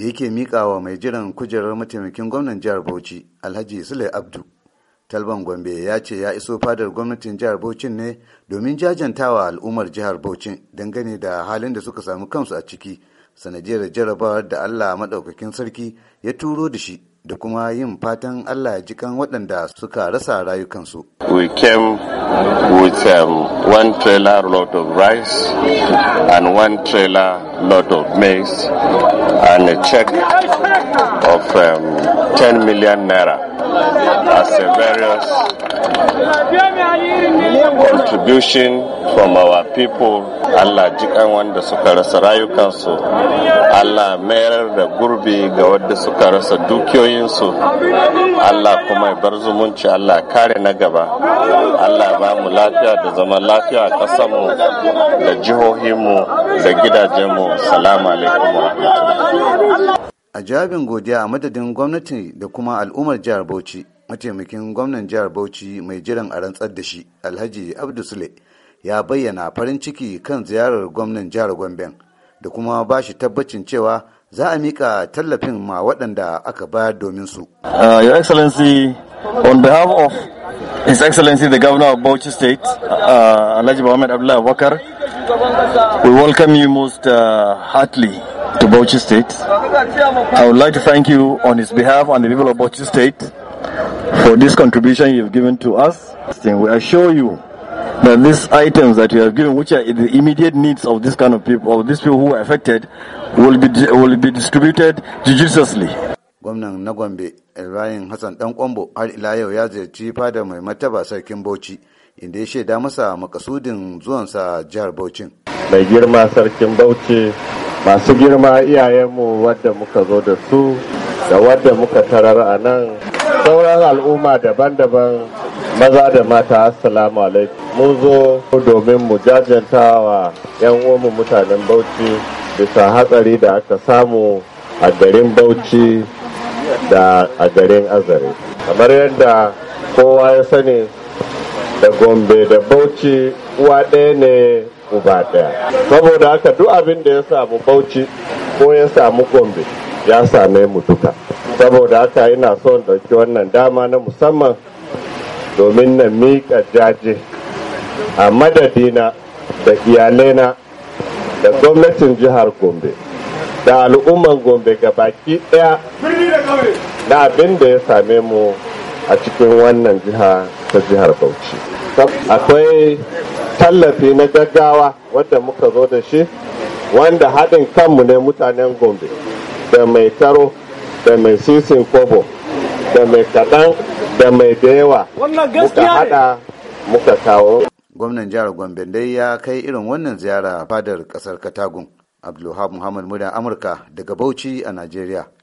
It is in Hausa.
da yake miƙawa mai jiran kujerar mataimakin gwamnan jihar Bauchi Alhaji Sule Abdu. Talban Gombe ya ce ya iso fadar gwamnatin jihar Bauchi ne domin jajantawa al'ummar jihar Bauchi dangane da halin da suka samu kansu a ciki sanadiyar jarabawar da Allah maɗaukakin sarki ya turo da shi da kuma yin fatan Allah ya jikan waɗanda suka rasa rayukansu. We came with um, one trailer load of rice and one trailer load of maize and a check of um, 10 million naira as a various contribution from our people Allah jikan wanda suka rasa rayukansu Allah mayar da gurbi ga wadda suka rasa dukiyoyinsu Allah kuma bar zumunci Allah kare na gaba Allah ba mu lafiya da zaman lafiya a ƙasarmu da jihohinmu da gidajenmu salamu alaikum a jawabin godiya a madadin gwamnati da kuma al'ummar jihar bauchi mataimakin gwamnan jihar bauchi mai jiran a rantsar da shi alhaji abdu sule ya bayyana farin ciki kan ziyarar gwamnan jihar gomben da kuma ba shi tabbacin cewa za a mika tallafin ma waɗanda aka bayar domin su. Uh, your excellency on behalf of his excellency the governor of bauchi state uh, alhaji muhammad abdullahi abubakar we welcome you most uh, heartily to bauchi state i would like to thank you on his behalf and the people of bauchi state for this contribution you've given to us. We assure you that these items that you have given, which are the immediate needs of this kind of people, of these people who are affected, will be will be distributed judiciously. Gwamnan na Gombe Ibrahim Hassan Dan Kwambo har ila yau ya ziyarci fadar mai sarkin Bauchi inda ya shaida masa makasudin jihar Bauchi. Mai girma sarkin Bauchi masu girma iyayenmu wadda muka zo da su da wadda muka tarar a nan sauran al'umma daban-daban maza da mata assalamu alaikum mun zo domin mu jajanta wa 'yan uwanmu mutanen bauchi bisa hatsari da aka samu a garin bauchi da a garin azare kamar yadda kowa ya sani da gombe da bauchi uwa ɗaya ne uba ɗaya saboda haka duk abin da ya samu bauchi ko ya samu gombe ya same mu duka saboda haka yana son ɗauki wannan dama na musamman domin na miƙa jaje a madadina da iyalaina da gwamnatin jihar gombe da al'umman gombe baki ɗaya na abin da ya same mu a cikin wannan jiha ta jihar bauchi akwai tallafi na gaggawa wadda muka zo da shi wanda haɗin kanmu ne mutanen gombe da mai taro da mai sisin kobo da mai kaɗan da mai da yawa muka haɗa muka kawo gwamnan jihar gombe dai ya kai irin wannan ziyara fadar ƙasar katagun abdulhab muhammad muda amurka daga bauchi a najeriya